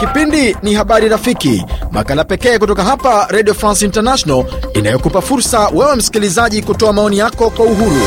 Kipindi ni Habari Rafiki, makala pekee kutoka hapa Radio France International inayokupa fursa wewe msikilizaji kutoa maoni yako kwa uhuru.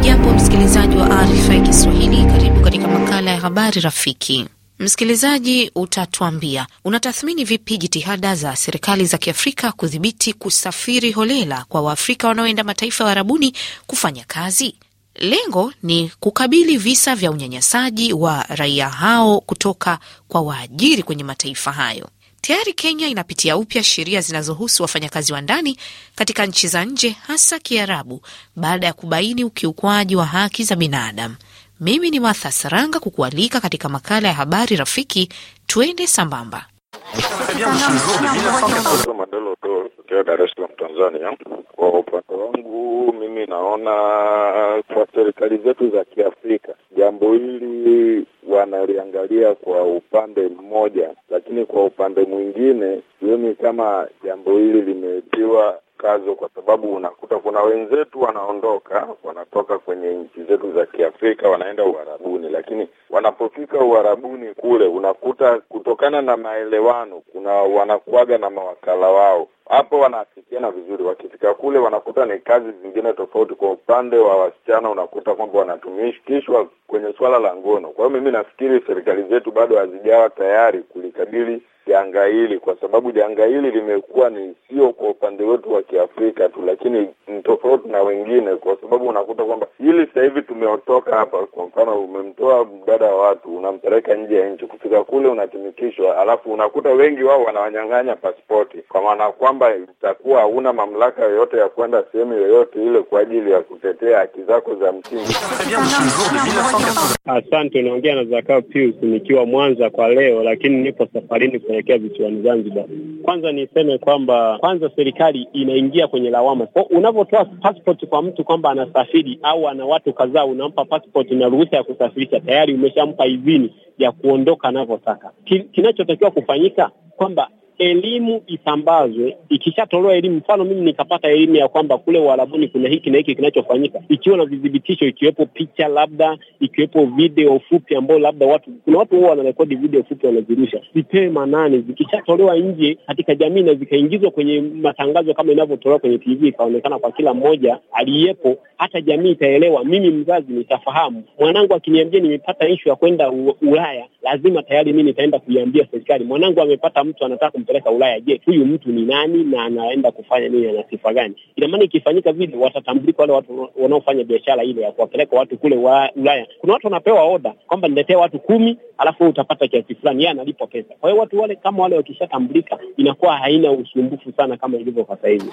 Ujambo msikilizaji wa RFI Kiswahili, karibu katika makala ya Habari Rafiki. Msikilizaji, utatuambia unatathmini vipi jitihada za serikali za Kiafrika kudhibiti kusafiri holela kwa Waafrika wanaoenda mataifa ya arabuni kufanya kazi? Lengo ni kukabili visa vya unyanyasaji wa raia hao kutoka kwa waajiri kwenye mataifa hayo. Tayari Kenya inapitia upya sheria zinazohusu wafanyakazi wa ndani katika nchi za nje, hasa Kiarabu, baada ya kubaini ukiukwaji wa haki za binadamu. Mimi ni Martha Saranga kukualika katika makala ya habari rafiki, twende sambamba kutokea Dar es Salaam, Tanzania. Kwa upande wangu mimi naona kwa serikali zetu za Kiafrika jambo hili wanaliangalia kwa upande mmoja, lakini kwa upande mwingine sioni kama jambo hili limetiwa kazo kwa sababu unakuta kuna wenzetu wanaondoka, wanatoka kwenye nchi zetu za Kiafrika wanaenda Uarabuni, lakini wanapofika Uarabuni kule unakuta kutokana na maelewano, kuna wanakuaga na mawakala wao hapo wanaafikiana vizuri. Wakifika kule wanakuta ni kazi zingine tofauti. Kwa upande wa wasichana, unakuta kwamba wanatumikishwa kwenye swala la ngono. Kwa hiyo mimi nafikiri serikali zetu bado hazijawa tayari kulikabili janga hili, kwa sababu janga hili limekuwa ni sio kwa upande wetu wa Kiafrika tu, lakini ni tofauti na wengine, kwa sababu unakuta kwamba hili sasa hivi tumeotoka hapa. Kwa mfano, umemtoa mdada wa watu unampeleka nje ya nchi, kufika kule unatumikishwa, alafu unakuta wengi wao wanawanyang'anya pasipoti, kwa maana kwamba kwamba itakuwa hauna mamlaka yoyote ya kwenda sehemu yoyote ile kwa ajili ya kutetea haki zako za msingi. Asante. Unaongea na Zakao Pius nikiwa Mwanza kwa leo, lakini nipo safarini kuelekea visiwani Zanzibar. Kwanza niseme kwamba kwanza serikali inaingia kwenye lawama unavyotoa passport kwa mtu kwamba anasafiri au ana watu kadhaa, unampa passport na ruhusa ya kusafirisha, tayari umeshampa idhini ya kuondoka anavyotaka. Kinachotakiwa kufanyika kwamba elimu isambazwe. Ikishatolewa elimu, mfano mimi nikapata elimu ya kwamba kule Uarabuni kuna hiki na hiki kinachofanyika, ikiwa na vidhibitisho, ikiwepo picha, labda ikiwepo video fupi ambao labda watu, kuna watu huwa wanarekodi video fupi wanazirusha, zitee manani. Zikishatolewa nje katika jamii na zikaingizwa kwenye matangazo kama inavyotolewa kwenye TV, ikaonekana kwa kila mmoja aliyepo, hata jamii itaelewa. Mimi mzazi nitafahamu, mwanangu akiniambia nimepata ishu ya kwenda Ulaya, lazima tayari mii nitaenda kuiambia serikali, mwanangu amepata mtu anataka kumpeleka Ulaya, je, huyu mtu ni nani na anaenda kufanya nini, ana sifa gani? Ina maana ikifanyika vile, watatambulika wale watu wanaofanya biashara ile ya kuwapeleka watu kule wa Ulaya. Kuna watu wanapewa oda kwamba niletee watu kumi, alafu utapata kiasi fulani, yeye analipwa pesa. Kwa hiyo watu wale kama wale wakishatambulika, inakuwa haina usumbufu sana kama ilivyo kwa sasa hivi.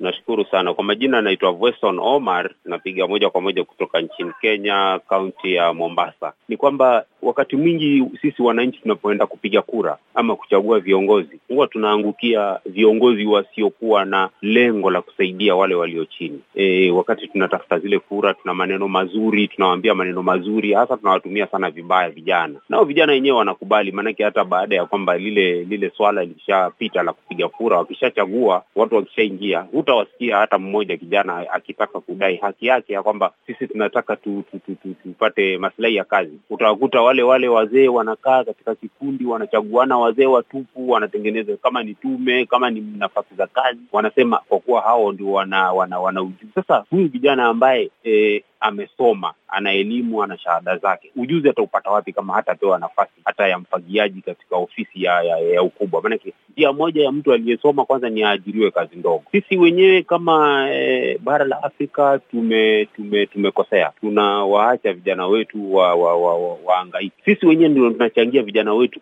Nashukuru sana kwa majina, anaitwa Weston Omar, napiga moja kwa moja kutoka nchini Kenya, kaunti ya Mombasa. Ni kwamba wakati mwingi sisi wananchi tunapoenda kupiga kura ama kuchagua viongozi, huwa tunaangukia viongozi wasiokuwa na lengo la kusaidia wale walio chini. E, wakati tunatafuta zile kura, tuna maneno mazuri, tunawaambia maneno mazuri, hasa tunawatumia sana vibaya vijana, nao vijana wenyewe wanakubali, maanake hata baada ya kwamba lile lile swala likishapita la kupiga kura, wakishachagua watu, wakishaingia, hutawasikia hata mmoja kijana akitaka kudai haki yake ya kwamba sisi tunataka tu, tu, tu, tu, tupate maslahi ya kazi. Utawakuta wale wale wazee wanakaa katika kikundi, wanachagua wana wazee watupu wanatengeneza, kama ni tume, kama ni nafasi za kazi, wanasema kwa kuwa hao ndio wana, wana, wana ujuzi. Sasa huyu kijana ambaye eh, amesoma, ana elimu, ana shahada zake, ujuzi ataupata wapi kama hatapewa nafasi hata ya mfagiaji katika ofisi ya, ya, ya ukubwa? Maanake njia moja ya mtu aliyesoma kwanza ni aajiriwe kazi ndogo. Sisi wenyewe kama e, bara la Afrika tume, tume, tumekosea, tunawaacha vijana wetu wa, wa, wa, wa, waangaiki. Sisi wenyewe ndio tunachangia vijana wetu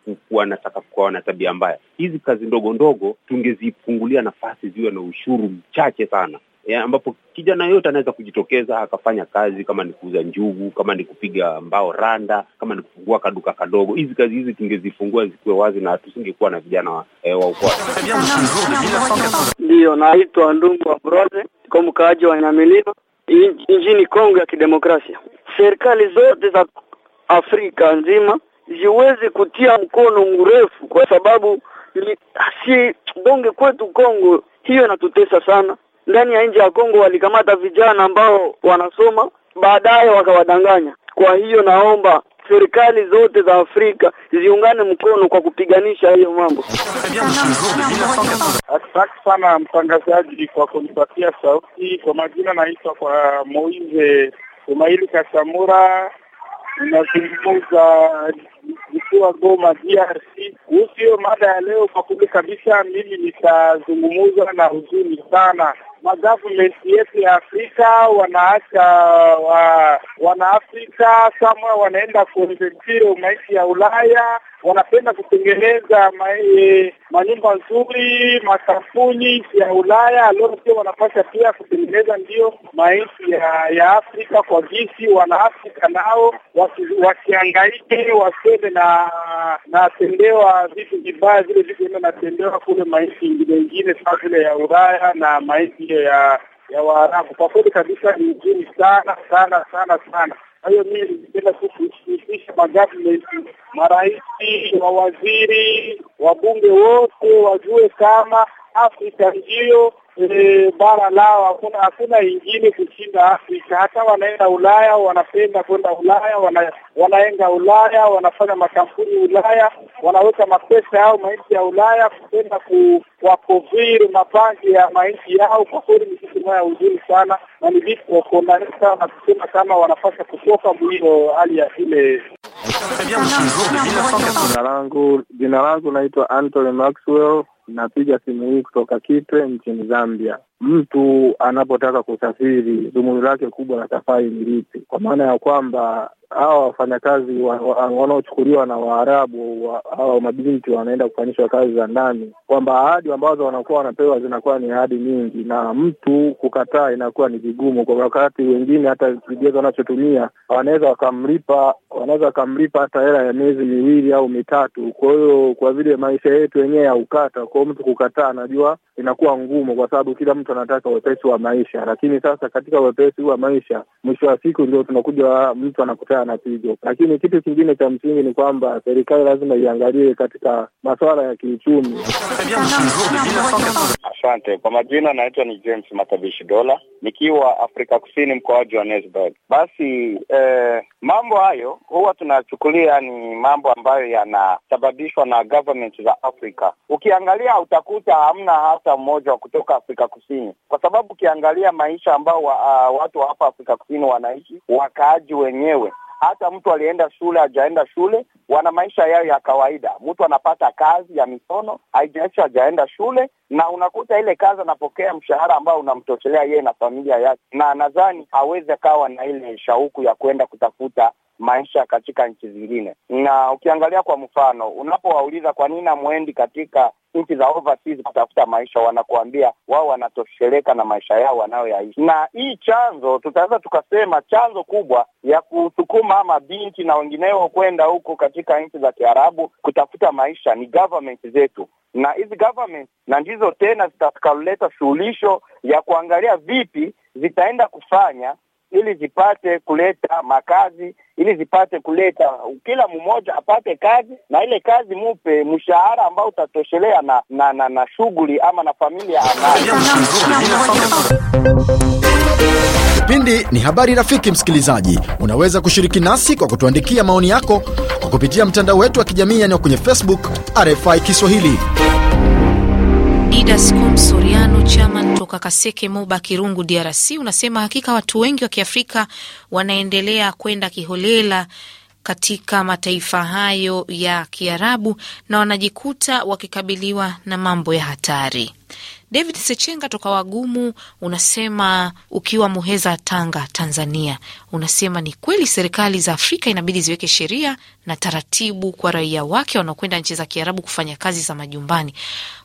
kuwa na tabia mbaya. Hizi kazi ndogo ndogo tungezifungulia nafasi ziwe na ushuru mchache sana, ya, eh, ambapo kijana yote anaweza kujitokeza akafanya kazi, kama ni kuuza njugu, kama ni kupiga mbao randa, kama ni kufungua kaduka kadogo. Hizi kazi hizi tungezifungua zikuwe wazi na tusingekuwa na vijana wa eh, ukoo. Ndiyo, naitwa Ndungu Broze, kwa mkaaji wa Nyamilima nchini Kongo ya Kidemokrasia. Serikali zote za Afrika nzima ziweze kutia mkono mrefu, kwa sababu si bonge kwetu Kongo, hiyo inatutesa sana ndani ya nchi ya Kongo walikamata vijana ambao wanasoma, baadaye wakawadanganya. Kwa hiyo naomba serikali zote za Afrika ziungane mkono kwa kupiganisha hiyo mambo. Asante sana mtangazaji kwa kunipatia sauti. Kwa majina naitwa kwa moise Umaili Kasamura, inazungumza nikiwa Goma, DRC. Kuhusu hiyo mada ya leo, kwa kweli kabisa mimi nitazungumza na huzuni sana magovernment yetu ya Afrika wanaacha wa, wanaafrika samwe wanaenda kureventir maisha ya Ulaya wanapenda kutengeneza eh, manyumba nzuri, makampuni ya Ulaya leo pia wanapasha pia kutengeneza ndiyo maisi ya, ya Afrika kwa jinsi wanaafrika nao wasiangaike, wasiende na natendewa vitu vibaya, vile vitu natendewa kule maisi ingine ingine saa vile ya Ulaya na maisi hiyo ya ya Waarabu. Kwa kweli kabisa ni nzuri sana sana sana sana. Kwa hiyo mimi ningependa tu kuhusisha magavumenti, marais, mawaziri, wabunge wote wajue kama Afrika ndiyo e, bara lao hakuna hakuna ingine kushinda Afrika. Hata wanaenda Ulaya, wanapenda kwenda Ulaya, wana, wanaenda Ulaya, wanafanya makampuni Ulaya, wanaweka mapesa yao mainchi ya Ulaya kupenda kuwakoviri mapangi ya mainchi yao. Kwa kweli ni kitu moya uzuri sana na ni vitu wakuondanisha na kusema kama wanapasha kutoka mwilo hali ya ile jina langu naitwa Anthony Maxwell Napiga simu hii kutoka Kitwe nchini Zambia. Mtu anapotaka kusafiri, dhumuni lake kubwa la safari ni lipi? Kwa maana ya kwamba hawa wafanyakazi wanaochukuliwa wa, wa, wa na Waarabu hawa wa, mabinti wanaenda kufanyishwa kazi za ndani, kwamba ahadi ambazo wanakuwa wanapewa zinakuwa ni ahadi nyingi, na mtu kukataa inakuwa ni vigumu, kwa wakati wengine hata vigezo wanachotumia wanaweza wakamlipa wanaweza wakamlipa hata hela ya miezi miwili au mitatu. Kwa hiyo kwa vile maisha yetu yenyewe ya ukata kwa mtu kukataa, anajua inakuwa ngumu, kwa sababu kila mtu anataka wepesi wa maisha. Lakini sasa katika wepesi wa maisha, mwisho wa siku ndio tunakuja mtu anakutana na pigo. Lakini kitu kingine cha msingi ni kwamba serikali lazima iangalie katika masuala ya kiuchumi. Asante kwa majina, naitwa ni James Matabishi Dola, nikiwa Afrika Kusini, mkoa wa Johannesburg. Basi eh, mambo hayo huwa tunachukulia ni mambo ambayo yanasababishwa na government za Afrika. Ukiangalia ukiangalia utakuta hamna hata mmoja wa kutoka Afrika Kusini, kwa sababu ukiangalia maisha ambao wa, uh, watu wa hapa Afrika Kusini wanaishi, wakaaji wenyewe hata mtu alienda shule hajaenda shule, wana maisha yao ya kawaida. Mtu anapata kazi ya mikono, haijaishi hajaenda shule, na unakuta ile kazi anapokea mshahara ambao unamtoshelea yeye na familia yake, na nadhani hawezi akawa na ile shauku ya kwenda kutafuta maisha katika nchi zingine. Na ukiangalia kwa mfano, unapowauliza kwa nini hamwendi katika nchi za overseas kutafuta maisha, wanakuambia wao wanatosheleka na maisha yao wanayoyaishi. Na hii chanzo, tutaweza tukasema chanzo kubwa ya kusukuma ama binti na wengineo kwenda huko katika nchi za Kiarabu kutafuta maisha ni government zetu, na hizi government na ndizo tena zitakaleta shughulisho ya kuangalia vipi zitaenda kufanya ili zipate kuleta makazi, ili zipate kuleta kila mmoja apate kazi, na ile kazi mupe mshahara ambao utatoshelea na na, na, na shughuli ama na familia anayo. Kipindi ni habari rafiki. Msikilizaji, unaweza kushiriki nasi kwa kutuandikia maoni yako kwa kupitia mtandao wetu wa kijamii, yani kwenye Facebook RFI Kiswahili. Didas Soriano Chaman toka Kaseke, Moba Kirungu, DRC, unasema hakika watu wengi wa Kiafrika wanaendelea kwenda kiholela katika mataifa hayo ya Kiarabu na wanajikuta wakikabiliwa na mambo ya hatari. David Sechenga toka Wagumu unasema ukiwa Muheza, Tanga, Tanzania, unasema ni kweli serikali za Afrika inabidi ziweke sheria na taratibu kwa raia wake wanaokwenda nchi za Kiarabu kufanya kazi za majumbani,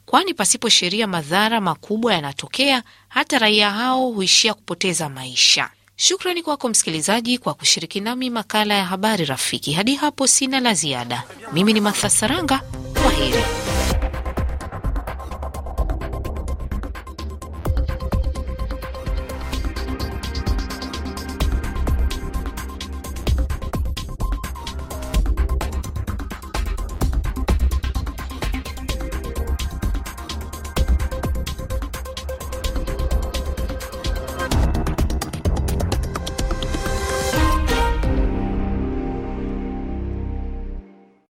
kwani pasipo sheria madhara makubwa yanatokea, hata raia hao huishia kupoteza maisha. Shukrani kwako msikilizaji kwa kushiriki nami makala ya habari rafiki. Hadi hapo sina la ziada. Mimi ni Martha Saranga, kwa heri.